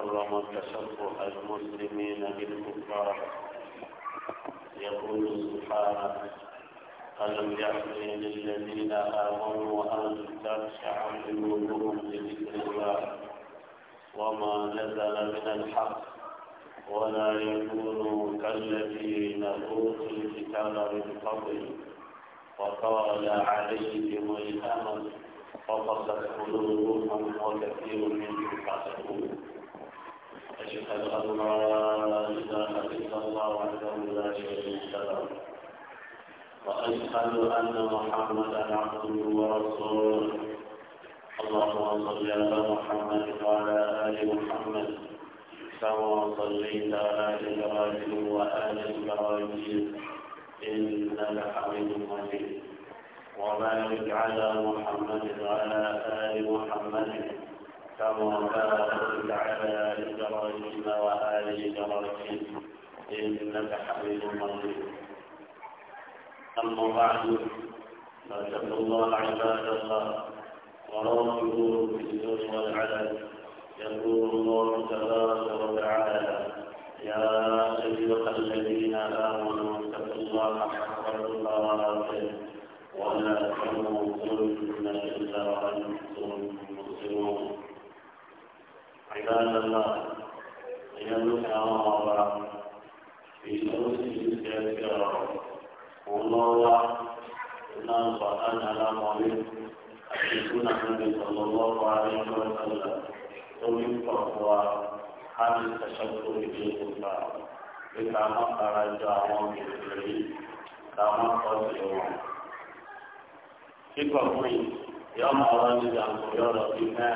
حرم تسبح المسلمين بالكفار يقول سبحانه ألم يحزن الذين آمنوا أن تخشع قلوبهم لذكر الله وما نزل من الحق ولا يكونوا كالذين أوتوا الكتاب من قبل وطال عليهم الأمل فقصت قلوبهم وكثير منهم فاسقون أشهد أن لا إله إلا الله وحده لا شريك له وأشهد أن محمدا عبده ورسوله اللهم صل على محمد وعلى آل محمد كما صليت على إبراهيم وآل إبراهيم إنك حميد مجيد وبارك على محمد وعلى آل محمد كما باركت على إبراهيم وآل إبراهيم إنك حميد مجيد أما بعد فاتقوا الله عباد الله وراقبوا في السر والعلن يقول الله تبارك وتعالى يا أيها الذين آمنوا اتقوا الله حق تقاته ولا تموتن إلا وأنتم عباد الله إنه تعالى في شمس الكافرة والله إن القرآن على مؤمن أشهدون النبي صلى الله عليه وسلم ومن فهو حال التشكر بالكفار بكما خرج عوام الكريم كما قد يوم. Kíkọ̀ fún yìí, yọmọ ọ̀rọ̀ ní ìyàwó yọrọ sí náà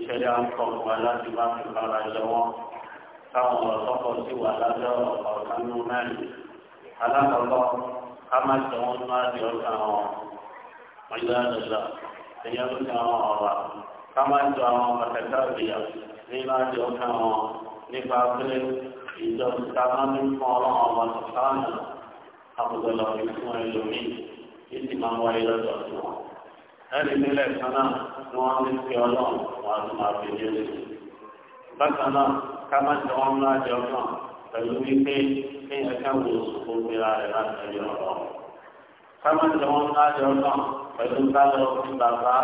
ìṣẹ̀lẹ̀ ọkọ wà láti má fi bára lọ́wọ́ káwọn ọlọ́kọ sì wà lábẹ́ ọkàn nù mẹ́rin alákọọkọ ká má tẹ wọn má di ọkàn wọn ọjọ́ àdàlà ẹyẹ ló ti àwọn ọ̀rọ̀ ká má tẹ àwọn pàtàkì àbíyà ní má di ọkàn wọn nípa pé ìjọba ká má ní fún ọlọ́run ọmọ tó sáà nù àbùdọ̀lọ̀ ìfún ẹlòmíì yìí sì máa wáyé lọ́dọ̀ tó wọn ẹni nílẹ̀ kan náà ni wọ́n ní sí ọlọ́run wọn a tún máa fi jésù. bákan náà ká má jẹ wọn ńlá jẹ ọkàn pẹ̀lú wípé kéèyàn ká wo òṣùpá gbéra rẹ̀ láti ẹ̀yọ ọ̀rọ̀. ká má jẹ wọn ńlá jẹ ọkàn pẹ̀lú ká lọ bàbá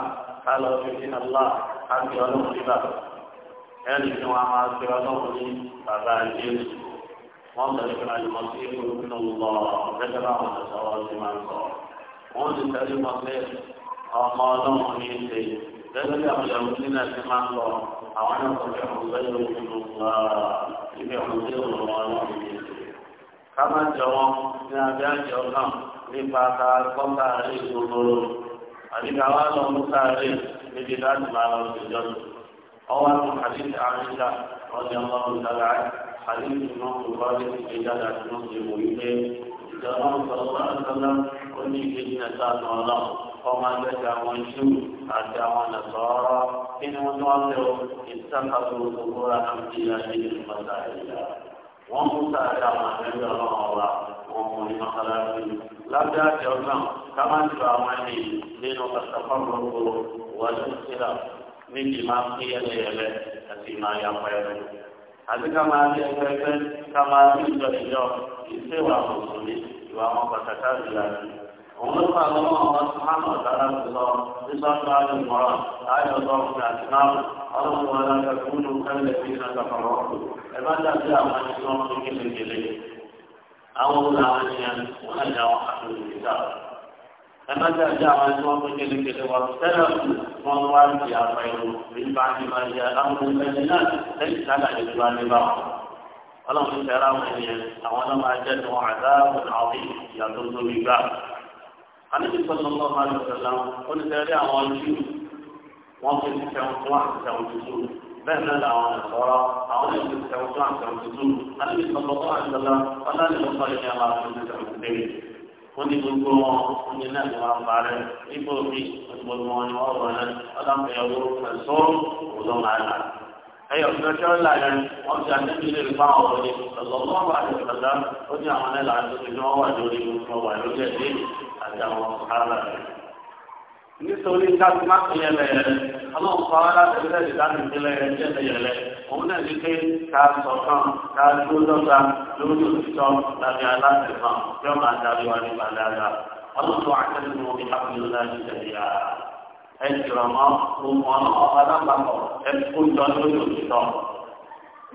ká lọ sí sí ọlá ká ọlọ́run níbà. ẹni tí wọn máa fi ọlọ́run ní bàbá jésù. wọ́n tẹ̀lé kan àyè sí ìlú nínú lọ ọmọ ọlọ́run ní ṣe lẹ́gbẹ́ bí àwọn ìyàwó ní náà ti máa ń lọ àwọn náà sọ pé àwọn ìgbẹ́ yóò fún un wá ibi àwọn ìgbẹ́ yóò lọ ọlọ́run ní ṣe. ká má jọ wọn ní abẹ́ àjọ náà nípa ká kọ́ sáré ìgbòho àdìgbà wa lọ mú sáré níbi láti máa lọ sí ìjọsìn. ọwọ́ àwọn àdìgbà àríṣà ọ̀dẹ̀ ọmọ òǹdàlá àdìgbà náà kò bá ìjọba sọlọ́wọ́ àtọ́lá ó ní ìgbésí ẹ̀ka sọ̀rọ̀ ọmọ agbẹ́sẹ̀ àwọn iṣu àti àwọn nàṣọ́rọ́ kí ni wọ́n tó wá fẹ́ o ìtàkàtò gbogbo àmì àti ìmọ̀ta ìlà. wọ́n mú sáré àwọn àgbẹ̀sẹ̀ ọlọ́run ọba wọn mú ní mọ́sálásí. lábẹ́ àti ọ̀gbọ́n ká má ju àwọn ẹni nínú pàṣípàá gbogbo wọ́n ti sílà níbi máa ń pín yẹlẹyẹlẹ àti máa yà pẹ́ẹ́rẹ́ àti ká máa ní ẹgbẹ́gbẹ́ ká máa ní ìjọ ìjọ ìṣe ìwà mùsùlùmí ìwà wọn pàtàkì àdúrà sí. òun ló fà lọ́wọ́ àwọn sùhánù ọ̀dára tó lọ nígbà tó a lè mọ̀ràn ọ̀dọ́ ọ̀fìn àti náà ọlọ́run wọn lága kúndù kẹ́lẹ̀ sí iná kàkọ́rọ́ ẹ bá dàbí àwọn ẹni tí wọ́n fi kékeré àwọn olùdarí ẹni wọn àjà wọn àti olùdíjà ẹ̀mọ́tà jẹ́ àwọn ẹni wọ́n fún kékeré wọn tẹ́lẹ̀ wọn wá sí àpẹẹrù nípa nípa ìyá àwọn ẹni náà lẹ́yìn sábà ìlú wa níbà wọn. ọlọ́run ti tẹ̀ra àwọn ènìyàn àwọn ọlọ́run ajẹ́ ni wọn àdáàbò àwọn ìyá tó tóbi gbà. àníbi sọ́nà ọlọ́run máa ń sọ̀rọ̀ láwọn oníṣẹ́rí àwọn ojú wọn fi ti tẹ̀wọ̀n tó àti tẹ̀wọ̀n tuntun bẹ́ẹ̀ náà làwọn ọ̀sọ́rọ̀ àwọn ènìyàn ti tẹ̀wọ̀n tó àti tẹ̀wọ̀n tuntun àníbi sọ́nà ọlọ́run àti wọ́n ní gbogbo wọn ní náà ní wọn parẹ́ níbo bí gbogbo wọn ni wọ́n wọ̀ náà ọlọ́mọdé ọwọ́ pẹ̀sọ́ ọ̀dọ́ máa là. ẹyọ fún ọjọ́ ńlá yẹn wọ́n ti àtẹ́bí lè rí báwọn wọlé ọ̀sọ̀gbọ́n wà ní ìpàdá ó ní àwọn ẹlẹ́lá àti ìpínlẹ̀ wọn wà lórí wọn wà lórí ẹ̀dẹ́ àti àwọn ọ̀hánà nítorí káfí má pè yẹlẹ yẹlẹ ọlọ́run kọ́ aláṣẹ ìdáni ìpínlẹ̀ yẹlẹ yẹlẹ òun náà ní pé ká sọ̀kan ká dúró lọ́gbà lórí òtítọ́ lábẹ́ aláṣẹ kan yóò máa darí wa nípa dáadáa ọlọ́run tó àtẹ́lẹ́ ní omi káfíńdó náà ní tẹ̀lé ya ẹ jùlọ mọ́ ohun ọ̀nà ọ̀pá lápapọ̀ ẹ kó jọ lórí òtítọ́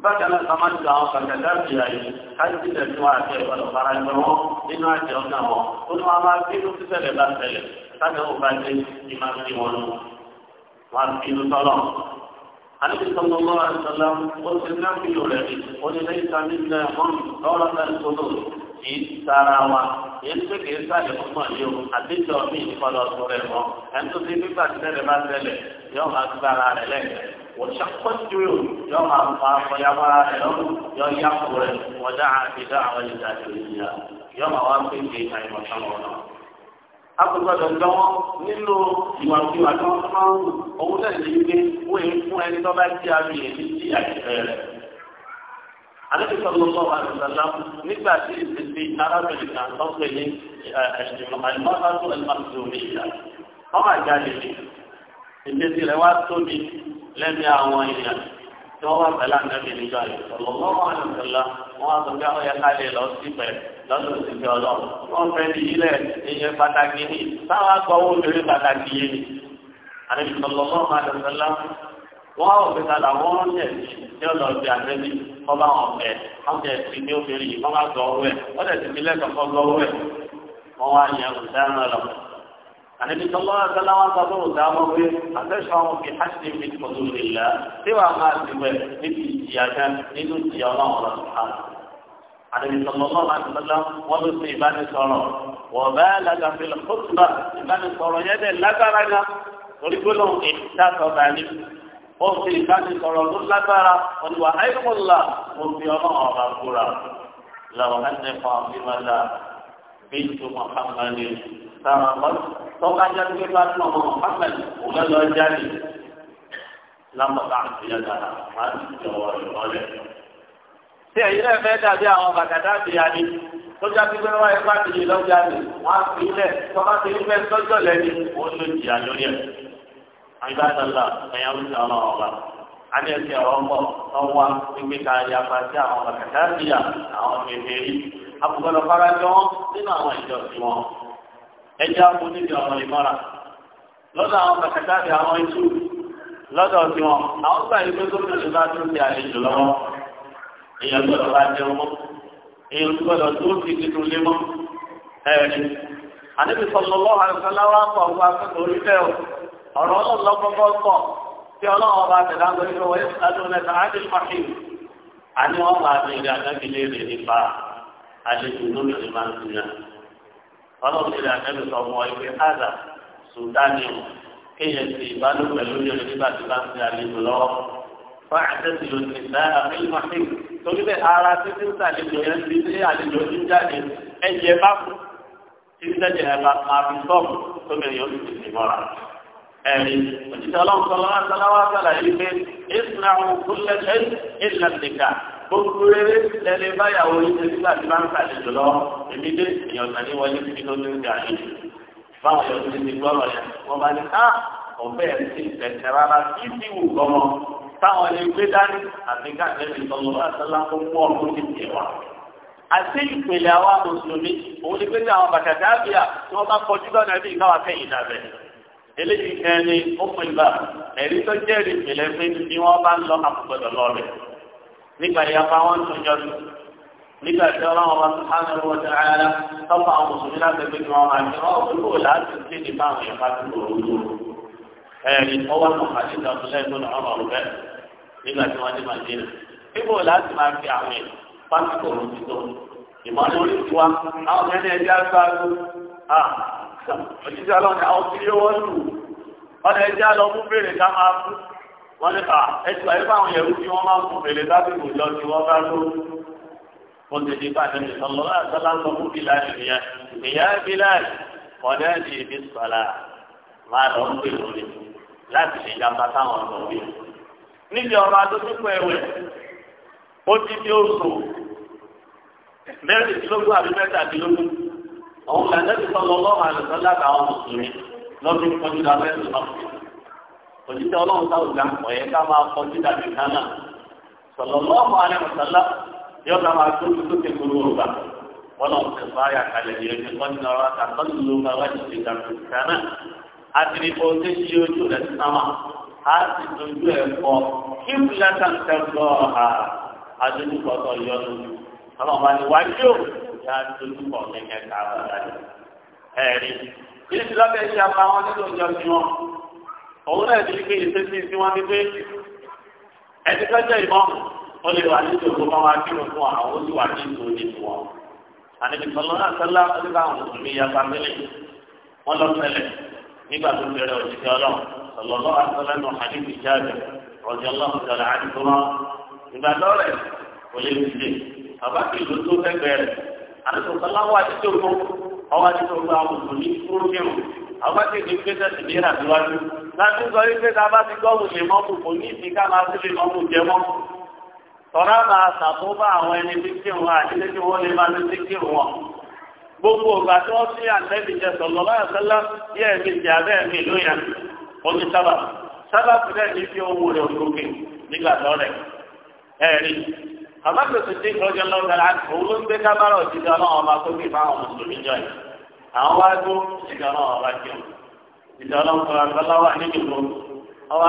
bákan náà sáma ti àwọn kàkàdá ti àyè káyọ̀tì lẹ̀ fún àti ẹ̀wọ̀n ọ̀fara ẹgbẹ́ wọn nínú àti ọ̀gá wọn ó ní wọn máa bínú sísẹ̀lẹ̀ bá ṣẹlẹ̀ sábẹ́ wọn bá dé ní máa fi wọn lù wọn bínú tọ́lọ̀. àníbi sọ́kọ́ lọ́wọ́ àṣọlá ó ti ní àfihàn rẹ̀ ó ní lẹ́yìn sáà nílẹ̀ wọn lọ́wọ́ lọ́wọ́ kì í sára wa èyí tó kì í sáré fún ní o àtijọ́ mi ìfọlọ́sọ rẹ̀ mọ́ ẹni وشق الجيوب يوم أنفاق ويمار لهم يقبل ودعا بدعوى الجاهلية يوم أوافق في حي وصمونا agbègbè lọ́wọ́ nínú ìwàkiwà tó ń fọ́n òun náà lè gbé wọ́n èyí fún ẹni tó bá ti àmì èyí sí àìsẹ́ rẹ̀. alẹ́bíkọ́ ló sọ wà lọ́sọ̀lá nígbà tí ìsinmi arábìnrin kan tó pè ní ẹ̀ẹ́dìmọ̀ àìmọ́ bá tó ẹ̀ma tó omi ìyá. ọmọ àjáde nìyí ìdésí rẹ̀ wá tóbi lẹ́mí àwọn èèyàn tí wọ́n wá pẹ̀lú àgbẹ̀bí níjọ́ yìí ọ̀lọ́wọ́ àlùfẹ́lá wọ́n wá sọ pé ọ̀yẹ́ kálẹ̀ lọ sí pẹ̀ lọ́dún sí pé ọlọ́ wọ́n fẹ́ ní ilẹ̀ ìyẹn pàtàkì ní táwọn agbọ̀wọ́ obìnrin pàtàkì yé ni àdébí ọ̀lọ́wọ́ àlùfẹ́lá wọ́n àwọn òfin kalà wọ́n ń yẹ̀ tí ó lọ bí àgbẹ̀bí kọ́ wọn fẹ́ wọ́n ti ní النبي صلى الله عليه وسلم قال دامه أتشعر في حسن من حدود الله سوى ما سوى من إياك من إيانا الله سبحانه النبي صلى الله عليه وسلم وضع إيمان صلى وبالغ في الخطبة إيمان صلى يد لبرنا ويقول لهم احتسب عليه وفي إيمان صلى لبرا وأيضا الله وفي الله أبقرا لو أن فاطمة بنت محمد سرقت tọ́ka jáde pé bá tún ọmọ Muhammad òun lọ jáde lámọ̀ká àtúnyẹ̀dá máa ti jọ̀wọ́ ìrọ̀lẹ́. Ṣé ẹ̀yin náà fẹ́ dàbí àwọn bàtàdá àbíyá ni? Sọ́jà tí gbẹ́rẹ́ wáyé bá ti lè lọ́jà ni, wọ́n á fi ilẹ̀ tọ́ka ti ń fẹ́ sọ́jọ́ lẹ́ni, òun ló jìyà lórí ẹ̀. Àgbàdàlà ẹ̀yà ń sọ ọmọ ọba. Adé ẹsẹ̀ ọmọ ọwá gbígbé ka yapa sí àwọn bàtàdá àbíyá àwọn kékeré. Àbùkọ̀lọ̀ farajọ́ nínú àwọn ìjọ ẹjẹ́ àwọn oníbi ọ̀rọ̀ ìmọ̀ra lọ́dọ̀ àwọn kàkàtà àti àwọn ìtú lọ́dọ̀ tí wọn àwọn gbà yìí pé gómìnà tó bá tún ti àlejò lọ́wọ́ èèyàn gbọ́dọ̀ bá jẹun mọ́ èèyàn gbọ́dọ̀ tó ti tuntun lé mọ́ ẹ̀rí àníbi sọ̀lọ́lọ́ àrùsọ́láwà pọ̀ wá akẹ́kọ̀ọ́ orí bẹ́ẹ̀ o ọ̀rọ̀ ọlọ́lọ́gbọ́gbọ́ pọ̀ tí ọlọ́run ọba àtẹ̀dá gbé ló wọ́n adúlọ́ ẹ̀ka adé pàṣẹ àní wọn máa bèèrè ọlọ́run ti rà nẹ́bí sọ ọmọ ẹgbẹ́ àdà sùdánì o kéèyàn ti ìbálòpọ̀ lórí ẹni nígbà tí bá ń ṣe àlejò lọ́wọ́ fún àtẹ́sí ló ti dá àfihàn torí bẹ́ẹ̀ ara títí ń sàlejò yẹn ti dé àlejò ń jáde ẹ̀jẹ̀ bá kú títí tẹ́jẹ̀ ẹ̀ bá máa fi sọ́ọ̀mù tó bẹ̀rẹ̀ yóò ti ti mọ́ra. ẹ̀rí òjijì ọlọ́run sọlọ́lá sọlá gbogbo rere lẹ́lẹ́ báyàwó yìí nígbà tí bá ń sàlejò lọ èmi dé èèyàn kan ní wọlé síbi tó ní ìgbà yìí báwọn yóò ti ti gbọ́rọ̀ yẹn wọ́n bá ní á ọ̀bẹ́ ẹ̀ sí ìtẹ̀tẹ̀ rárá títí wù kọ́mọ táwọn lè gbé dání àti káàkiri ìtọ́lọ́ àtàlà tó mú ọdún ti tẹ̀ wá. àti ìpìlẹ̀ àwa mùsùlùmí òun ni pé ní àwọn bàtàkì àbíyà tí wọ́n bá kọjú lọ́nà bí káwa kẹ́yìn dàbẹ̀. eléyìí kan ni ó pè bá ẹ̀rí tó jẹ́rìí ìpìlẹ̀ pé ní wọ́n bá ń lọ àpògbọ̀dọ̀ lọ́rẹ̀ nígbà ìyapa wọn tún yọdún nígbà tí ọlọ́run wa sùhánù wọ ti ara tọ́pọ̀ àwọn mùsùlùmí láti gbé ní wọn àti wọn kò kúrò láti ṣe ní báwọn ìyapa tó lò ẹ̀rí ọwọ́ náà àti ìdàgbàsílẹ̀ tó nà ọmọ rẹ̀ nígbà tí wọ́n ti máa dé nígbà láti máa fi àwọn ẹ̀ pásítọ̀ ló ti tó ìmọ̀ lórí tiwa àwọn ẹni ẹ̀dí aṣáájú òṣìṣẹ́ ọlọ́run wọ́n ní ká ah, ẹtù àyè fáwọn yẹ̀rù tí wọ́n máa ń fún fèrè dábìbò lọ tí wọ́n bá tó wọ́n ti di bàtẹ́ mi sọ̀rọ̀ lọ́wọ́ àtàlà ń sọ fún bíláàlì nìyẹn ìyá bíláàlì ọ̀dẹ́ ni ìbí sọ̀lá máa lọ ń pè lórí láti ṣe ìjàmbá táwọn ọ̀dọ́ wí. níbi ọ̀rọ̀ adójúkọ ẹ̀wẹ̀ ó ti di oṣù mẹ́rìndínlógún àbí mẹ́tàdínlógún ọ̀hún làǹdẹ́sì òjíṣẹ́ ọlọ́run sáwùjá ọ̀yẹ́ ká máa kọ sí dàbí kánà sallallahu alaihi wasallam yóò ká máa tóbi sókè kúrú òrùka wọn náà ti fa ayà kalẹ̀ yìí ẹni kọ́ ní ọ̀rọ̀ ká kọ́ ní lóba wá ti ṣe dàbí kánà a ti ní kó ṣe ṣe ojú rẹ̀ sáma a ti dojú ẹ̀ kọ́ kí fúlẹ́tà ń tẹ́gbọ́ ọ̀hà adójúkọ̀ tó yọ lójú ọlọ́run òun náà ti gbé ìṣesí tí wọ́n ti gbé ẹni kẹ́jẹ́ ìmọ̀mù ó lè wà nínú ìlú bá wá kírun fún àwọn ó sì wà ní ìlú nínú wọn. àníbi sọlọ náà sọlá nígbà àwọn mùsùlùmí ya fámílì wọn lọ ṣẹlẹ̀ nígbà tó bẹ̀rẹ̀ òṣìṣẹ́ ọlọ́run sọlọ lọ́wọ́ sọlá nù àdìbì jáde ọ̀jọ̀ ọlọ́run sọlá àdìbò wọn. ìgbà lọ́rẹ̀ kò lè dìde bàbá kì í ló tó fẹ́ bẹ̀rẹ̀ àníbi sọlá wà àwọn ti ní pé tẹ̀sí ní ìrànlọ́wọ́ láti sọ wípé a bá ti gbọ́wò lè mọ́ kò kò ní ìsìnká máa sí lè jẹ mọ́ tọ́ra máa ṣàkóbá àwọn ẹni tí kí wọn àti lé kí wọ́n lè máa gbogbo ìgbà tí wọ́n sí àtẹ́bí jẹ sọ̀lọ́ láyọ̀sẹ́lá bí ẹ̀mí jẹ abẹ́ ẹ̀mí ló yàn omi sábà sábà ní fi owó rẹ̀ nígbà tó rẹ̀ àwọn wá tó ìjọ náà ọba jẹun ìjọ náà sọ̀rọ̀ àgbàlá wà ní ìlú ọba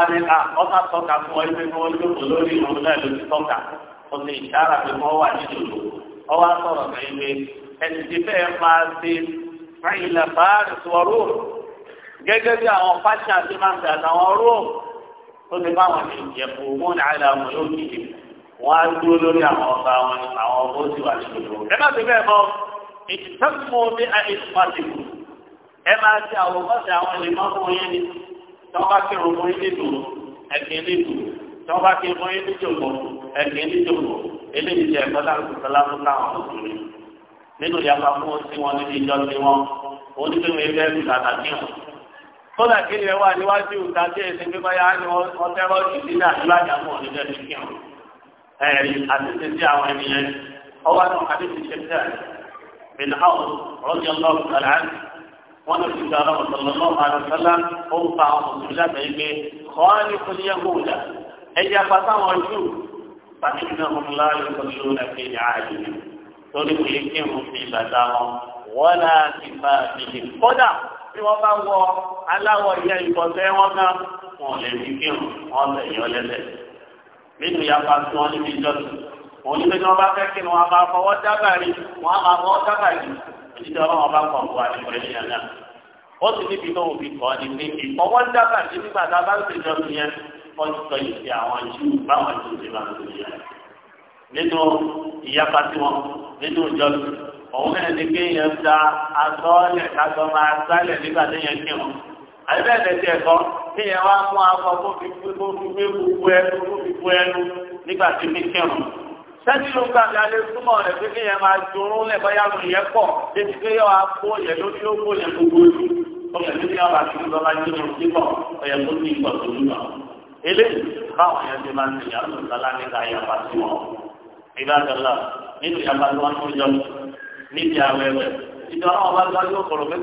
fún ọ ibi wọn lóko lórí ìrùn náà ló ti tọ́ka ìṣára pé wà ní ibi ti bí àwọn ti máa ń àtàwọn ó ti bá wọn wọn ní wọn á ìtẹ́kùn omi àìsùmọ̀tìkù ẹ máa ti àwọn ìlẹ̀mọ́ fún yín ni tí wọ́n bá kírun fún yín nínú ẹ̀kẹ́ nínú tí wọ́n bá kírun fún yín níjòkó ẹ̀kẹ́ níjòkó eléyìí jẹ́ ẹ̀kọ́ láti fún nínú ìyàpá fún wọn níbi ìjọ sí wọn onídùúgbò ẹgbẹ́ kódà kí wà níwájú ìta بن عوف رضي الله تعالى عنه وانا في داره صلى الله عليه وسلم اوقع رسول الله بيبي خالق اليهود اي فتاوى الجو فانهم لا يصلون في عادهم تريد يكيهم في بداهم ولا صفاتهم خدا tí wọ́n bá wọ aláwọ̀ ìyá ìkọ̀sẹ́ wọn náà wọn lè fi kírun wọn lè yọ lẹ́lẹ̀ nínú yàtọ̀ tí wọ́n níbi ìjọsìn òun ní pé wọn bá fẹ́ kí wọn máa fọwọ́ dábàrí wọn máa fọwọ́ dábàrí ìdíje ọlọ́wọ́ bá kọ̀ wá ní pẹ̀lú ìyá náà ó sì níbi náà òfin kọ́ ni pé ìfọwọ́ dábàrí nígbà tá a bá ń ṣèjọ sí yẹn wọ́n ti sọ yìí sí àwọn júù báwọn júù ti máa ń sọ yẹn nínú ìyapa tí wọn nínú ìjọ òun náà ni pé yẹn da asọ́ọ̀lẹ̀ kásọ máa sálẹ̀ nígbà tí yẹn kí wọn àyẹ̀bẹ̀ẹ̀dẹ̀ tiẹ̀ kọ́ kí yẹn wá mú akọ kó fi gbé gbogbo ẹnu nígbà tí mi kírun sẹ́ni ló ń gbà ní alẹ́ súnmọ́ rẹ̀ pé kí yẹn máa jorún lẹ̀ bá yàrá yẹn pọ̀ débi pé yọ akó yẹn lórí ókó yẹn gbogbo ojú ọmọ ìlú yàrá àti ìjọba bá jẹ́ ohun kíkọ̀ ọ̀yẹ́ tó ní ìgbà tó ń lọ. eléyìí báwọn yẹn ti máa ń tẹ̀yà lọ sálá níta yàrá sí wọn. ìgbàdàlà nínú yàrá tí wọ́n tún jọ níbi àwẹ̀wẹ̀ ìjọ náà bá gbájú òkòrò pé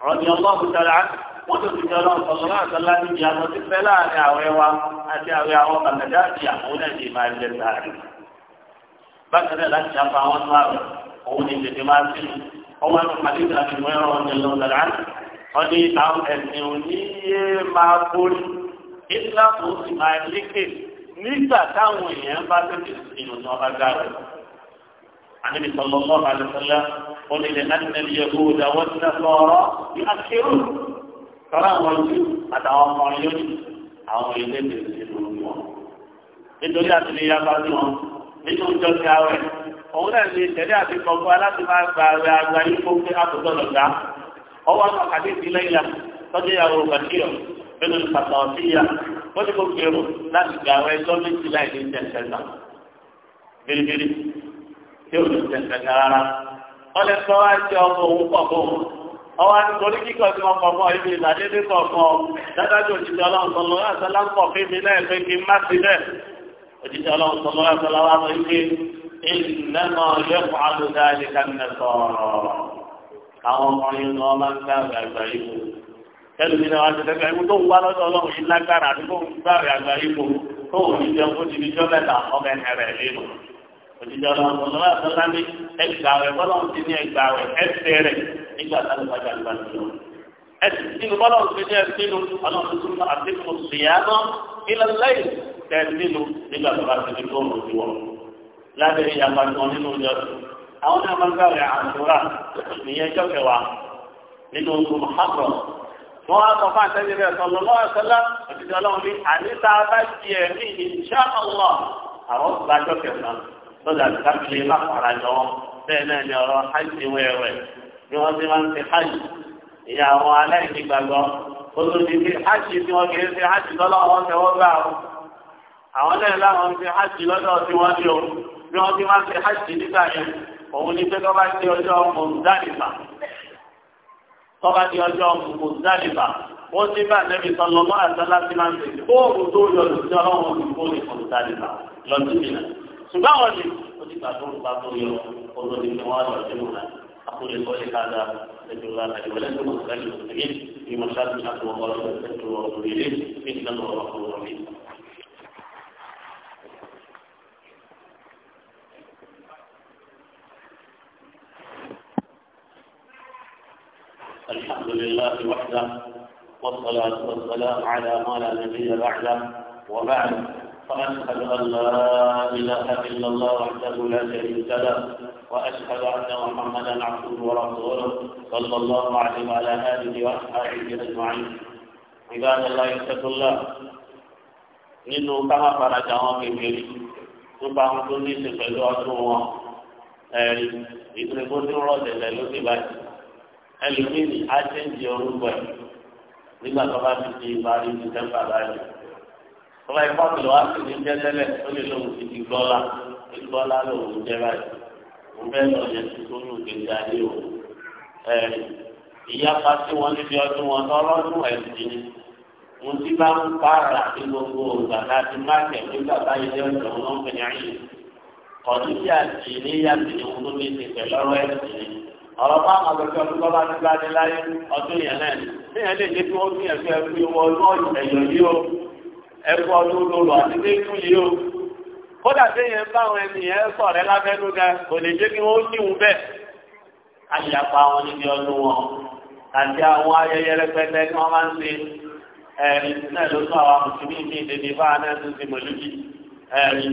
káwọn máa ó tó ti jọlọ ọ̀sọ̀lọ́ àtọ́lá ní ìyá lọ sí fẹ́ láàrin àwẹ̀ wa àti àwẹ̀ àwọn kàlẹ́dá àti àwọn náà ti máa jẹ sáré. bákan náà láti ṣàfà àwọn tó àwẹ̀ òun ni tètè máa sí ọmọ ẹnu pàdé àti ìwé ọ̀rọ̀ ọ̀jẹ̀ lọ lára wọn ní àwọn ẹ̀sìn oníyé máa borí islam ó sì máa lékè nígbà táwọn èèyàn bá tètè sí ìrònú ọba gáàrẹ àníbi sọlọ́mọ́ àlùfẹ́lẹ́ onílẹ̀ náà ti tọ́lá àwọn ojú àtàwọn ọmọ yóò àwọn ilé bèrè nínú wọn. nítorí àtìlẹyà bá ní wọn nínú ìjọ ti awẹ òun náà lè tẹ̀lé àti kọ̀ọ̀kọ́ aláti máa gba àwẹ̀ àgbà yìí fún pé àkótó lọ́gá ọwọ́ àwọn àdéhùn ilé ìyá tọ́jú ìyàwó bàtíyọ̀ nínú ìpàtà ọ̀sí ìyá wọ́n ti kó gbèrò láti gba àwẹ̀ ẹjọ́ méjì láì ní tẹ̀sẹ̀ta bìrìbìrì tí ọwọ́ àtìkọ́lé kíkọ́ tí wọ́n kọ̀ọ̀kan ibi ìlàdédé kọ̀ọ̀kan dádájọ́ òjìṣẹ́ ọlọ́run sọ̀lọ́ àṣálá ń kọ̀ fún mi náà pé kí n má sí bẹ́ẹ̀ òjìṣẹ́ ọlọ́run sọ̀lọ́ àṣálá wa sọ pé ìlànà yẹ̀kọ́ àlùdá ẹ̀ka ń sọ̀rọ̀ àwọn ọmọrin ni wọ́n máa ń gbà àgbà ipò ẹlòmí náà wọ́n ti tẹ́gbà ipò tó ń wá lọ́dọ̀ ọlọ́run yìí lágbára àti tó ń gbà àgbà ipò tó ń ní jẹun fún ìdíjọ́ mẹ́ta ọmọ ẹ̀hẹ̀ rẹ̀ lélo òjìṣẹ́ ọlọ́run sọ̀lọ́ àṣálá ní ẹgbàá rẹ̀ bọ́lá nígbà táwọn bá jà lọ́wọ́ lọ́wọ́. ẹsì nínú bọ́lá òṣèlú jẹ́ nínú ọlọ́run tó ń àti mo sì yá ná ilẹ̀ lẹ́yìn tẹ̀ nínú nígbà tó bá ti di fóònù sí wọn. lábẹ́ ìyàpá kan nínú ọjọ́ àwọn náà ń gbàgbé àṣùrà ìyẹn jọ́kẹ̀wá nínú ogun Muharram wọn á sọ fún àtẹ́jú rẹ̀ sọ̀rọ̀ lọ́wọ́ ẹ̀sọ́lá òtítọ́ ọlọ́run ní àníta bá di ẹ̀mí insha Allah àwọn gbàjọ́ jọ bẹ́ẹ̀ náà ni ọ̀rọ̀ bí wọ́n ti máa ń ṣe hajj ìyá àwọn aláìní gbàgbọ́ olùdí ti hajj tí wọ́n kìí ṣe hajj lọ́dọ̀ wọn tẹ́ wọ́n àwọn náà láwọn ń hajj lọ́dọ̀ tí wọ́n ní o bí wọ́n ti máa ń ṣe hajj nígbà yẹn òun ni pé tó ti ọjọ́ mọ̀ndálìfà tó ti ọjọ́ mọ̀ndálìfà wọ́n ti bá nẹ́bí sọlọ́mọ́ àtàlá ti máa ń ṣe fóònù tó yọ lòdì ọlọ́run fóònù mọ̀ndálìfà lọ́dún ṣùgbọ́n àwọn ni ó ti gbà tó yọ olùdí ni wọ́n lọ أقول قولي هذا أستغفر الله لي ولكم وأستغفر المسلمين في مشاكل الأرض والله أستغفر وأتوب إليه إنه هو الغفور الرحيم الحمد لله وحده والصلاة والسلام على ما لا نبي بعده وبعد فأشهد أن لا إله إلا الله وحده لا شريك له وأشهد أن محمدا عبده ورسوله صلى الله عليه وعلى آله وأصحابه أجمعين عباد الله اتقوا الله nínú káwọn afarajà wọn kékeré nípa àwọn tó ní ìsìn pẹ̀lú ọdún wọn ẹ̀rí ìpínlẹ̀ tó ní rọ̀dẹ̀lẹ̀ ló ti báyìí ẹlòmíì á ti ń di orúkọ ẹ̀ nígbà tó bá ti di ìparí dísẹ́mbà báyìí tó bá ipá pẹ̀lú wá sí ní jẹ́ ó lè lóun ti di gbọ́lá gbọ́lá lòun jẹ́ báyìí mo fẹ́ lọ yẹn ti tó nù dédé ayé o ìyapa tí wọ́n níbi ọdún wọn lọ́lọ́dún ẹ̀sìn ni mo ti bá ń bára ní gbogbo ìgbà láti má tẹ̀lé bàbá ilé ọ̀dọ̀ wọn ń pè ní ọdún tí a sì ní yàtì ní ohun tó lè ṣe pẹ̀lú ọ̀rọ̀ ẹ̀sìn ni ọ̀rọ̀ bá àwọn ọ̀dọ́ tó bá ti bá ní láyé ọdún yẹn náà ni níyẹn lè ní kí wọ́n gbìyànjú ẹ̀kú ọdún ẹ̀yọ̀ yìí o ẹ̀kú ọdún lóru àti lẹ́kùn kódà téèyàn bá àwọn ènìyàn sọ̀rẹ́ lábẹ́nú gan kò lè jẹ́ kí wọ́n níwùú bẹ́ẹ̀ àyàpá wọn níbi ọdún wọn àti àwọn ayẹyẹ rẹpẹtẹ tí wọ́n máa ń ṣe ẹ̀rí náà ló tún àwọn mùsùlùmí ní ìdèdè bá náà tún ti mọ̀lúbí ẹ̀rí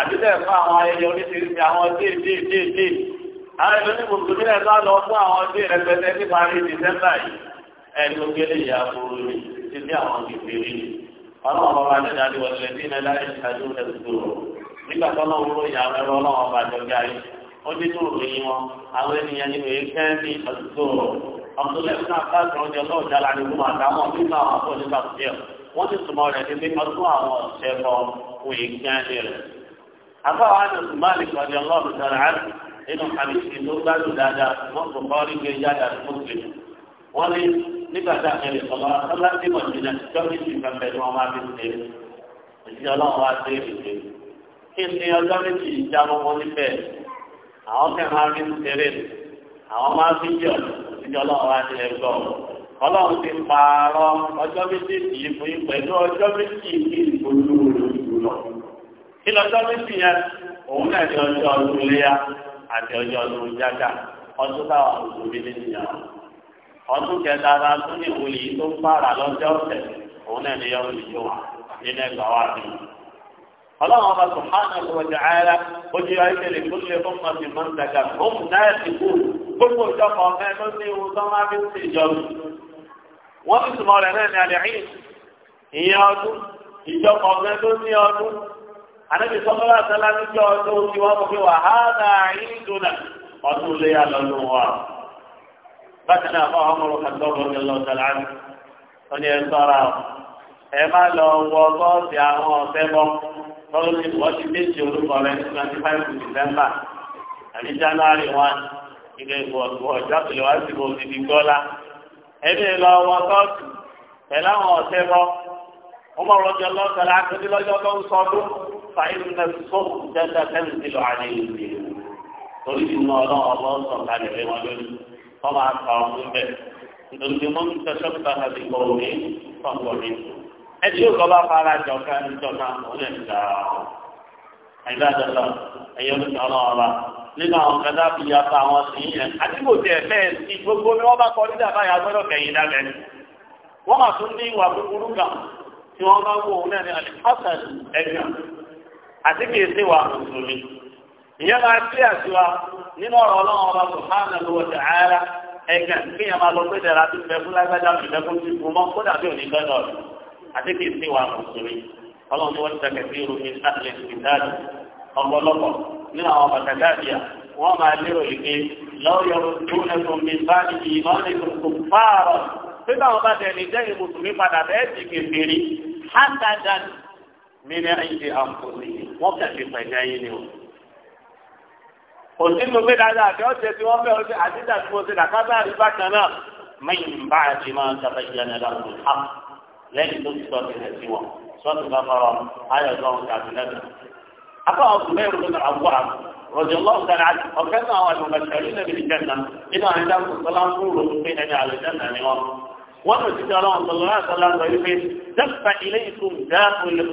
àti bẹ́ẹ̀ fún àwọn ayẹyẹ oríṣiríṣi àwọn dé dé dé dé àwọn ìlú ní mùsùlùmí rẹ̀ bá lọ fún àwọn dé rẹpẹtẹ ní parí dìsẹ́mbà yìí ẹ̀rí ó gbélé lè dín nígbà tó lọ́wọ́ ló yà àwọn ẹ̀rọ ọlọ́wọ́ bá jọ gá yìí ó ní tó ròyìn wọn àwọn ènìyàn nínú yìí fẹ́ ní ọ̀dùtò ọ̀dùnlẹ̀ fún àkáàtì ọ̀dẹ ọlọ́wọ́ dára ní gbogbo àtàwọn nígbà àwọn àpò nígbà tó yẹ wọ́n ti sùnmọ́ rẹ̀ ní pé ọdún àwọn ọ̀sẹ̀ bọ fún yìí kí á lè rẹ̀. àbáwá ni sùmáàlì ọ̀dẹ ọlọ́wọ́ dára á nínú àbísí ló gbádùn dáadáa wọ́n kò kọ́ rí gbé yáda tó kù wọ́n ní nígbà kí ọjọ́ méjì ìjà ọmọ níbẹ̀ àwọn kẹ́ máa ń ṣeré àwọn máa fi ń ìjọ ọlọ́run wá ẹgbọ́ ọlọ́run ti pààrọ̀ ọjọ́ méjì yìí fún yín pẹ̀lú ọjọ́ méjì yìí olúwo lójú lọ kí lọ́jọ́ méjì yẹn òun náà ní ọjọ́ ọdún léyà àti ọjọ́ ọdún jágà ọdún táwọn òṣèlú méjì yẹn ọdún kẹta ara tún ní òye tó ń pààrà lọ́jọ́ ọ̀sẹ̀ òun náà ní ọdún ọlọ́run ọba sùhánà wa ta'ala ó jẹ́ ayélujára ìgbóhùnlé fún ọ̀sìn mọ́ńdàgà fún náà ti kú gbogbo ìjọba ọ̀fẹ́ ló ní ewu tó máa fi ń ṣe ìjọba wọ́n ti sùnmọ́ rẹ̀ náà ní àdéhìn ìyẹn ọdún ìjọba ọ̀fẹ́ ló ní ọdún ànábì sọ́kọ́lá sẹ́lá níjọ́ ọdún tí wọ́n mọ̀ pé wàhálà ìdúnà ọdún lè yà lọ́nu wa bákan náà fọ́ ọmọ rẹ̀ kàtọ́ bọ́ọ̀lù tọ́lú ní wọ́n ti déjì orúkọ rẹ̀ twenty five december àbí january one ilé ìwọ̀gbọ̀ ọjọ́ tó lè wá sí ibò òdìdí gọ́lá ẹbí lọ wọ kóòtù pẹ̀lú àwọn ọ̀tẹ́ bọ́ wọ́n bọ̀ lọ́jọ́ lọ́sọ̀rọ̀ akéde lọ́jọ́ tó ń sọdún fàyínú náà sọ́kù dẹ́sẹ̀ tẹ́lẹ̀ ti lọ àlẹ́ ìlú torí ìmú ọlọ́run ọlọ́run sọ̀kalẹ̀ lé wọn lórí wọ́n ẹtí ó kọ́ bá fara jọka ìjọba ọ̀lẹ́ ìjà àìbájọ́lá ẹ̀yọ́ ní nínú àwọn kẹta fi yàtọ̀ àwọn sí yẹn àdúgbò tiẹ̀ bẹ́ẹ̀ gbogbo ni wọ́n bá kọ́ nígbà báyà gbọ́dọ̀ tún ní ìwà búburú kan tí àti kìí sí àti kì í sí wa mùsùlùmí ọlọ́run ni wọ́n ti tẹ̀kẹ̀ sí irú mi láti ìdájọ́ ọ̀pọ̀lọpọ̀ nínú àwọn bàtàgáàdìyà wọ́n máa lérò ìgbé lọ́ọ̀yọ̀ tó ẹ̀sùn mi bá ní ìmọ̀ nìkan kò fáàrọ̀ pípa àwọn bàtà ẹni jẹ́ ìmùsùlùmí padà bẹ́ẹ̀ ti kékeré hátàdà mìíràn ìṣe àǹfọ̀nì wọ́n kẹ̀sì pẹ̀lú ẹyin ni o òsínú pé dáadáa àti ọ̀sẹ̀ tí wọ́n fẹ́ ọ̀sẹ̀ àti ìdàgbàsókè dàkábàárì bákan náà mẹ́yìn bá àti máa ń sàbẹ̀yẹ̀ náà lọ́wọ́ lẹ́yìn tó ti sọ̀tì rẹ̀ sí wọn sọ̀tì bá fọ̀rọ̀ ayọ̀ lọ́wọ́ tàbí lẹ́nu. afọ ọkùnrin rẹ̀ àbúrò rọ̀jò lọ́wọ́ tẹ̀lé àti ọ̀kẹ́ náà wà lọ́wọ́ tẹ̀lé lẹ́bi ìjẹta nínú àyíká sọ̀tọ́lá ń kúrò pé ẹni àlùjẹ́ta ni wọn. wọ́n lọ sí ọlọ́run sọ̀rọ̀ náà sọ̀rọ̀ sọ wípé dẹ́kpa ilé ikú dáàbò lè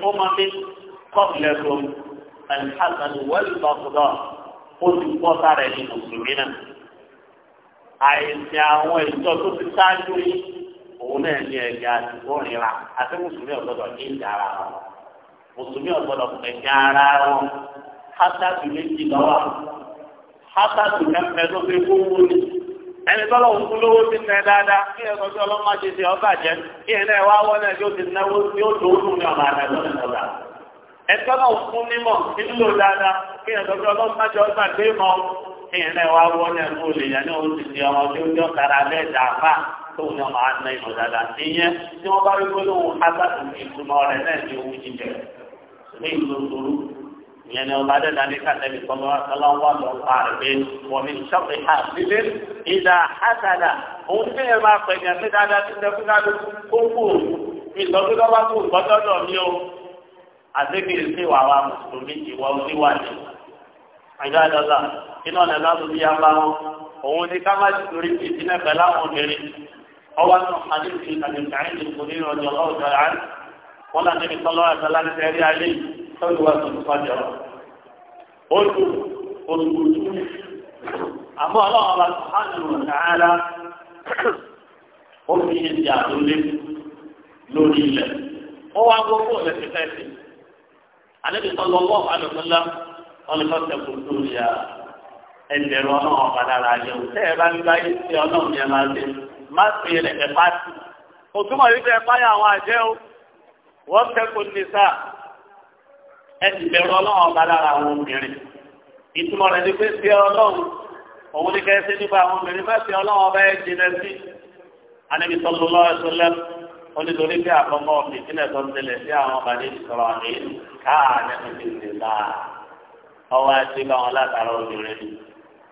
òun náà ní ẹ̀jẹ̀ àtìgbọ́nìra àti mùsùlùmí ọ̀gbọ́dọ̀ ní ìjà ara wọn mùsùlùmí ọ̀gbọ́dọ̀ pẹ̀jẹ̀ ara wọn hátàtù méjì lọ́wọ́ hátàtù kẹfẹ́ tó fi kú wú ni ẹni tọ́lọ̀ ń kú lówó ti tẹ dáadáa kí ẹ sọ́jọ́ ọlọ́mọ ṣe ṣe ọgbà jẹ kí ẹ náà wá wọ́n náà yóò ti náwó yóò tó lù ní ọ̀bà àtàlọ́ ìjọba ẹ̀tọ́ náà fún mímọ̀ nílò dáadáa kí ẹ sọ́jọ́ ọlọ́mọ ṣe ọgbà gbé mọ́ kí ẹ náà wá wọ́n náà kú lè yẹn náà ó ti di ọmọ tí ó jọ́ tara bẹ́ẹ̀ dàáfà tóun náà máa ná ìmọ̀ dáadáa sí yẹn tí wọ́n bá rí gbólóhùn hásàtù ìtumọ̀ rẹ̀ náà ní owó jíjẹ ní ìlú tòrú ìyẹn ni ọba dẹ́dá ní kàtẹ́bí sọ́mọ́ aláwọ̀ wà lọ pa rẹ̀ pé wọ́n mi sọ́pẹ́ ha sílé ìdá hásàdà òun tí yẹn máa pẹ̀ yẹn sí dáadáa sí tẹ́kúnádó kó kú ìtọ́jú lọ́wọ́ kú gbọ́dọ̀ mi o àtẹ́kìrì sí wà wà mùsùlùmí ìwọ oníwà ni àjọ àjọ ọwọ́ nù hadithi àdìsàn ìdìbòdì rọ̀jò ọlọ́wọ́ tó rà wọn láti fi tọ́lọ́ àtàlà ní sẹ́rí ayé tọ́jú wa tuntun fọjọ́ ó dùn olùkùtù àmọ́ ọlọ́wọ́ bá tó hàn lù nàárà ó fi ṣe àdúlé lórí ilẹ̀ ó wá gbogbo rẹ̀ ti fẹ́ sí àdébí tọ́lọ́ ọlọ́wọ́ àdùnkúnlá ọlọ́fẹ́ kùtù yà ẹgbẹ̀rún ọlọ́wọ́ padà rà yẹ̀wò má pè é lẹ̀ ẹ̀fá sí. òtúmọ̀ yìí fẹ́ báyà àwọn àjẹ́ o wọ́n kẹ́kọ̀ọ́ ní sáà ẹ sì bẹ̀rù ọlọ́run ọba lára àwọn obìnrin. ìtumọ̀ rẹ̀ ni pé sí ọlọ́run òun ní kẹ́sẹ́ nípa àwọn obìnrin fẹ́ sí ọlọ́run ọba ẹ̀ jìnà sí. Ànábì sallallahu alaihi wasallam onítorí bí àkọ́kọ́ ìpínlẹ̀ tó ń tẹ̀lé sí àwọn ọba ní ìsọ̀rọ̀ àmì káà nẹ́ẹ̀mí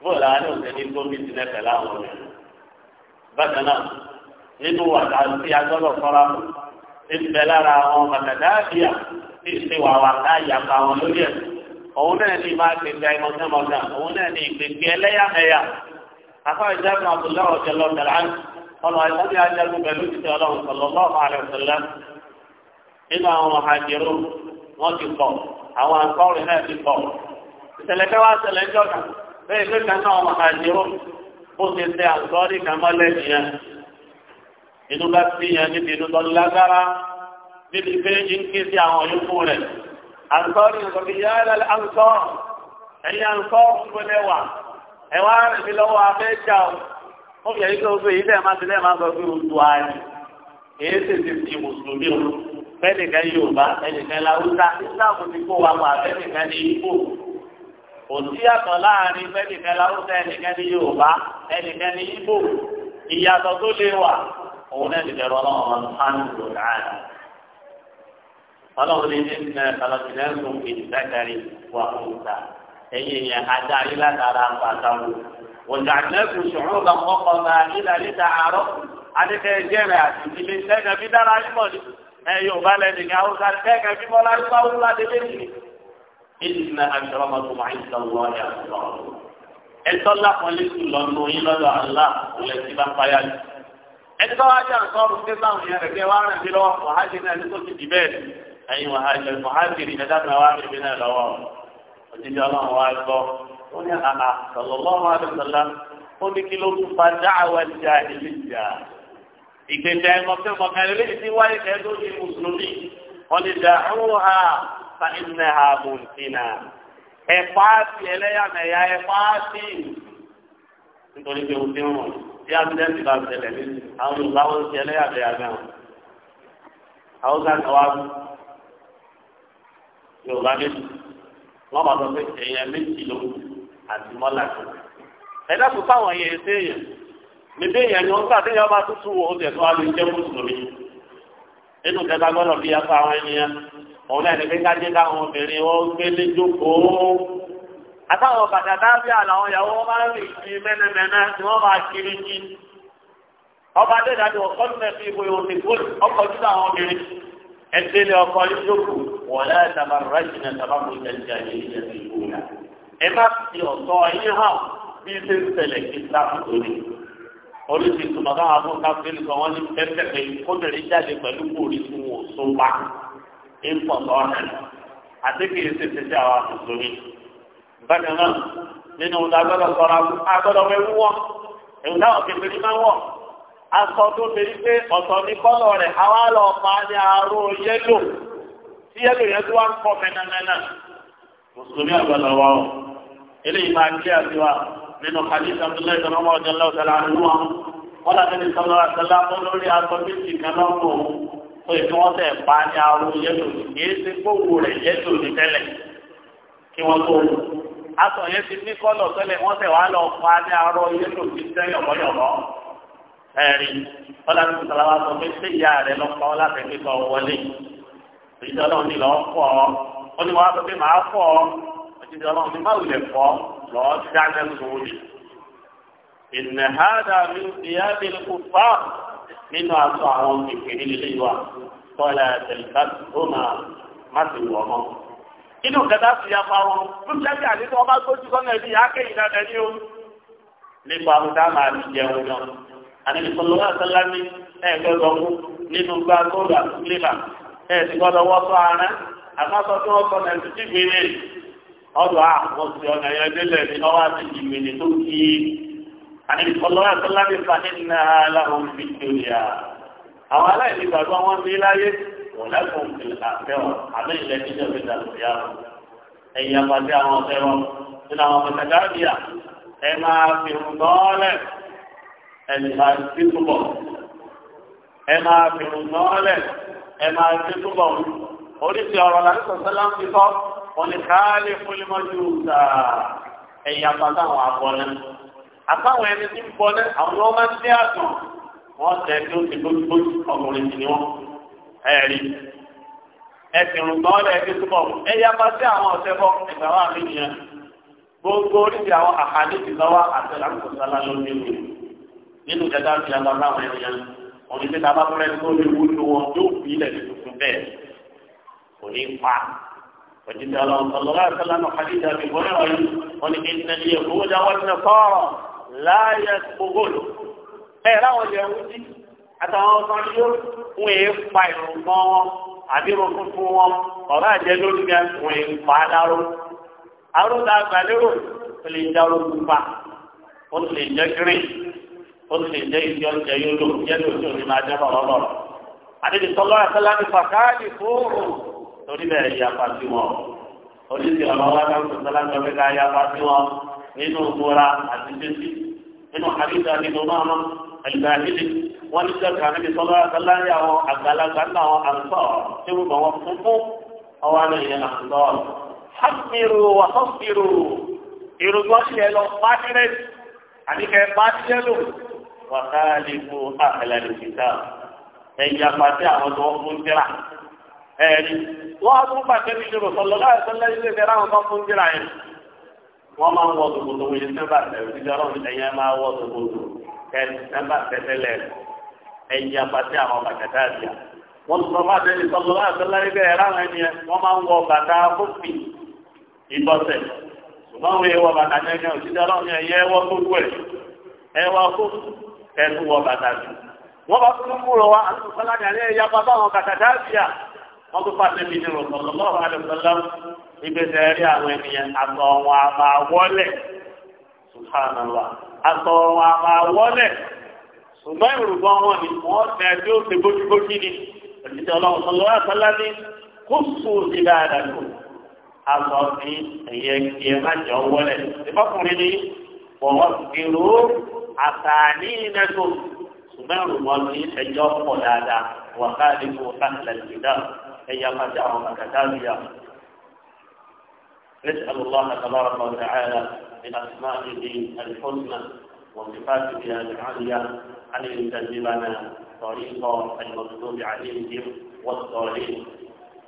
bó làwọn ọ̀sẹ̀ ní gómìnà tẹ̀lé àwọn obìnrin bákan náà nínú wàtá tí a gbọ́dọ̀ fọ́ra mọ́ ìbẹ̀ lára àwọn bàtàdáàbíà tí ìṣe wà wà ká ìyàpá wọn lórí ẹ̀ òun náà ní máa gbègbè àìmọ̀tẹ́mọ̀tẹ́ òun náà ní gbègbè ẹlẹ́yàmẹ̀yà afáwọn ìjánu àbúlá ọ̀jẹ̀ lọ tẹ̀lá ọlọ́ ìtọ́jú ajagun pẹ̀lú ti ọlọ́run sallallahu alaihi wasallam nínú àwọn àjẹrò wọn ti pọ̀ àwọn àkọ́rin náà ti pọ̀ ìṣẹ̀lẹ̀ kẹwàá ṣẹlẹ̀ jọ̀ka bẹ́ẹ̀ ìgbẹ́ kan náà àwọn ó ti tẹ àǹtọ́rí kan mọ́lẹ̀ nìyẹn inú bá sí yẹn níbi inú tọ́lú lágbára níbi pé ń ké sí àwọn yòókù rẹ̀ àǹtọ́rí nǹkan fi yá ẹ̀ àǹtọ́ ẹ̀yìn àǹtọ́ gbọ́dẹ̀ wà ẹ̀ wá rìn mí lọ́wọ́ abẹ́ jà ó ó fi ẹ̀yìn tó gbé yìí lẹ́ẹ̀ má ti lẹ́ẹ̀ má sọ pé oṣù ààrẹ èyí sì ti fi mùsùlùmí o fẹ́ẹ̀nìkan Yorùbá ẹnìkan làwùsá kò sí yàtọ̀ láàrin fẹ́nìkan láwùjọ ẹnìkan ní yorùbá ẹnìkan ní ibo ìyàtọ̀ tó lè wà òun náà ti bẹ̀rù ọlọ́run ọmọ sánú ọlọ́run ní ní ẹ̀ kàlọ́sìlẹ́sùn ìdíkàkàrí wà fún ta ẹ̀yìn yẹn adarí látara pàtàkó wọ̀jà lẹ́kùn ṣòro bá kọ́kọ́ bá nílà níta àárọ̀ adékẹ́ jẹ́rẹ̀ àti ìdílé sẹ́kẹ̀ bí dára yín mọ̀ ní ẹ̀ ìdìnnà àṣàmàtò máa ń sọ̀rọ̀ ọ̀yà sọ̀rọ̀. ẹ̀tọ́ lápọ̀lẹ́ sùn lọ́nà yín lọ́dọ̀ àlá òun ẹ̀sìn bá fáyà ní. ẹ̀tọ́ ajá sọ̀rọ̀ ṣé báwọn yẹn rẹ̀ kẹ́ wá rẹ̀ mí lọ́wọ́ wàhájì náà ní tó ti dì bẹ́ẹ̀ ẹ̀yin wàhájì wàhájì rí ẹ̀dá náà wá rẹ̀ mí náà lọ́wọ́ òjijì ọlọ́run wá gbọ́ ó ní àhà sallallahu alaihi wasallam ó ní kí ló tún fa dáhàwá ìjà ìlíjà ìgbésẹ̀ ẹ̀mọ́fẹ́ mọ̀kànlélẹ́yìn tí wáyé kẹ́ẹ́ tó di mùsùlùmí wọ́n ti dà ń wò ha fa iná ha mú sínà ẹ̀fọ́ àti ẹlẹ́yàmẹ̀yà ẹ̀fọ́ àti nítorí pé òun ti ń rùn tí àbídẹ́sì bá ṣẹlẹ̀ ní àwọn Yorùbá wọn ti ẹlẹ́yàmẹ̀yà náà àwọn sáà náà wá Yorùbá méjì wọn bá sọ pé èèyàn méjì ló àti mọ́là kan ẹ̀dá kò fáwọn yẹn ṣe èèyàn níbi èèyàn ni wọn gbà téèyàn bá tútù wọ oúnjẹ tó wà lóyún jẹ́ mùsùlùmí nínú kẹta gbọ́dọ̀ bí apá àwọn ènìyàn òun náà ní pé ká jẹ́ káwọn obìnrin wọn gbélé jókòó àtàwọn bàtàtà bí àlàwọn ìyàwó wọn máa ń rìn sí mẹ́nẹ́mẹ́nẹ́ tí wọ́n máa kiri jí ọba adédájú ọkọ ní ẹbí ìbò ìwọ̀n ti gbòòlù ọkọ̀ ojú àwọn obìnrin ẹgbẹ́ ilé ọkọ̀ ní jókòó wọ́n láyé sábà rẹ́jìn náà sábà kò jẹ́ ìjà yìí jẹ́ ti ìbò náà ẹ má fi ọ̀tọ̀ yín hàn bí ṣe ń ṣẹlẹ̀ kí sáà tó ní oríṣi ìtumọ̀ káwọn afọ́nká fẹ́ẹ́ ipò ọ̀hán àti kì í ṣèṣe sí àwọn àtúntòmí. bákan náà nínú ọ̀dà agbọ́dọ̀ sọ̀rọ̀ agbọ́dọ̀ wẹ̀ wúwọ́ èwù táwọn kẹfẹ́ ní máa wọ̀ aṣọ tó fẹ́rí pé ọ̀tọ̀ ní kọ́lọ̀ rẹ̀ àwa lọ pa ní àárò yẹ́lò tí yẹ́lò yẹn tó wá ń pọ̀ mẹ́nàmẹ́nà mùsùlùmí àgbàlọ̀ wa ọ̀ eléyìí máa kí àtiwá nínú kàdíṣà tó lẹ́yìn tó lọ́mọ ọjọ́ lọ́wọ́ sẹ́lá àdúrà wọn làbẹ́ni sọ́lá sẹ́lá mọ́ lórí aṣọ méjì kan náà mọ́ òun pé kí wọ́n tẹ̀ pa ní arú yẹ́tò ní kìí ṣe gbogbo rẹ̀ yẹ́tò ní tẹ́lẹ̀ kí wọ́n tó wù. aṣọ yẹn ti ní kọ́lọ̀ tẹ́lẹ̀ wọ́n tẹ̀ wá lọ pa ní arú yẹ́tò ní tẹ́lẹ̀ ọ̀pọ̀lọpọ̀ ẹ̀rí ọlọ́run tó sọ̀rọ̀ sọ pé ṣé ìyá rẹ̀ lọ pa láti fi kọ́ wọlé ìjọ náà ní lọ́ọ́ fọ́ ọ ó ní wàá sọ pé màá fọ́ ọ òjijì ọlọ́run ní báwo lè fọ́ lọ́ọ́ dáná sóòlì ìnìhádà mi ìyá mi kò fáà nínú aṣọ àwọn ìpèrí lílé wa kọ́lá tẹ̀lifá tó máa má sì wọ̀ mọ́. inú kẹta sì yá fáwọn tó jẹ́bi àdéhùn ọba gbójú sọ́nà ẹbí akéyìn dáadáa ní o. nípa ọ̀dà máa ti jẹun náà àdéhùn sọ́nà wà sọ́lá ní ẹ̀ẹ́dẹ́ lọ́mú nínú gba góòlù àtúnlébà ẹ̀ẹ́dì gbọ́dọ̀ wọ́ sọ ara àmọ́sọ tó wọ́n sọ́nà ẹ̀sìn tí àníbi ọlọ́wọ́ àtọ́lá bí fani ní aláwọ̀ fi kiri à. àwọn aláìní gbàgbọ́ wọn bí láyé wọ́n lẹ́kùn àfẹ́wọ̀n àbẹ́ ilẹ̀ níjọ́ fi dà lórí àwọn. ẹ̀yin àpàdé àwọn ọ̀fẹ́ wọn nínú àwọn ọmọ sàgáàbíà ẹ máa ẹ̀yà pàtàkùn àbọ̀lẹ́ àfáwọn ẹni tí ń bọ náà àwọn ọmọ ń dé àtọ̀ wọ́n tẹ̀ tó ti gbójúgbójú ọkùnrin ni wọ́n ẹ̀rí ẹ̀sìn rúgbọ́n ọ̀dọ̀ ẹ̀dí túbọ̀ ẹ̀yà bá sí àwọn ọ̀sẹ̀ bọ́ ìgbà wà mí nìyẹn gbogbo oríṣi àwọn àkàdé ti lọ́wọ́ àtẹlà ń kọ̀ọ̀sá lálọ́ ní ìwé nínú ìjọba ti àgbà báwọn ènìyàn òní tí ta bá fẹ́ tó lè wúlò wọn yóò fi ilẹ̀ tuntun bẹ́ẹ̀ kò pa òjijì ọlọ́run sọlọ́lá ìsọlá náà kàdíjà mi láàyè gbogbo ẹ láwọn jẹ wúdí àtàwọn ọmọ yóò ń èé pa ìrùngbọ̀n wọn àbí wọn fúnfún wọn ọ̀rọ̀ àjẹ lórí mi wọn èé pa dáró àrùn àgbàlérò lè dáró pupa ó lè jẹ gírí ó lè jẹ ìdí ọjà yóò lò jẹ lójú òní máa jẹ bọ̀rọ̀bọ̀rọ̀ àdéhùn sọlọ́ àtàlà ní pàkáàdì fóòrò torí bẹ́ẹ̀ yà pa sí wọn oníṣẹ́ ọ̀rọ̀ wa náà sọ̀tàlà ń sọ pé pa sí wọn nínú ìmúra àti tẹ́sí nínú àríta nínú náà ẹ̀lìdáhìlì wọ́n ní sẹ́kà níbi sọ́lá àtàláyà àwọn àgbàlagbà náà àwọn àǹtọ́ tí wọ́n bọ̀ wọ́n funfun ọwọ́ àná ìyẹn àǹtọ́. hàmìrù wà hàmìrù ìrùgbọ́n ṣe lọ pàṣẹrẹ àdìkẹ́ pàṣẹ lò wà káàlì fún àkàlẹ̀ ìṣìṣà ẹ̀yà pàṣẹ àwọn tó ń fún jẹ́ra ẹ̀rí wọ́n á tún pàṣẹ wọ́n máa ń wọ tòkòtò wọ́n yẹn sẹ́mbà tẹ̀lé títí ọlọ́run ẹ̀yẹ máa wọ tòkòtò kẹ́ sẹ́mbà tẹ̀tẹ̀lẹ̀ ẹ̀yìn apàtẹ àwọn bàtàkà àbíà. wọ́n sọ máa sọ́dọ̀ láti ẹni yẹn wọ́n máa ń wọ bàtà ìbọ̀sẹ̀ ṣùgbọ́n wọ́n yẹ wọ bàtà wọ́n tó fàṣẹ bí nínú sọ̀lọ́lọ́wọ́ àdùsọ́lá ìgbésẹ̀ rí àwọn ènìyàn àtọ̀ wọn a wọlé subhanallah àtọ̀ wọn a máa wọlé ṣùgbọ́n ìrùbọ̀n wọn ni wọ́n tẹ bí ó ṣe gbójúgbójú ni òṣìṣẹ́ ọlọ́run sọ̀lọ́wọ́ àdùsọ́lá ní kó sùn sí dáadáa kù àtọ̀ ní ẹ̀yẹ kí ẹ má jẹ́ wọlé ìfọkùnrin ni wọ́n fi rú àtàní ìnẹ́tò ṣùgbọ́n ìrùbọ̀n ní ẹjọ́ pọ̀ dáadáa wà أيام الدعوة كتابيا نسأل الله تبارك وتعالى من أسمائه الحسنى وصفاته العالية أن يسلمنا طريق المكتوب عليهم والصالحين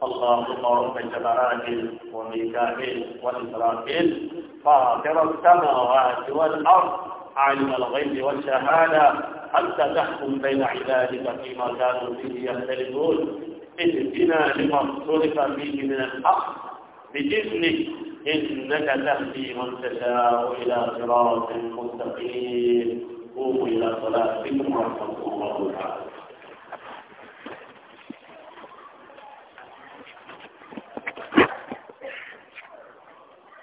اللهم رب الجبرات وميكائيل وإسرافيل فاطر السماوات والأرض عالم الغيب والشهادة أنت تحكم بين عبادك فيما كانوا فيه يختلفون اهدنا لما اختلف به من الحق بإذنك إنك تهدي من تشاء إلى صراط مستقيم قوموا إلى صلاتكم ورحمة الله تعالى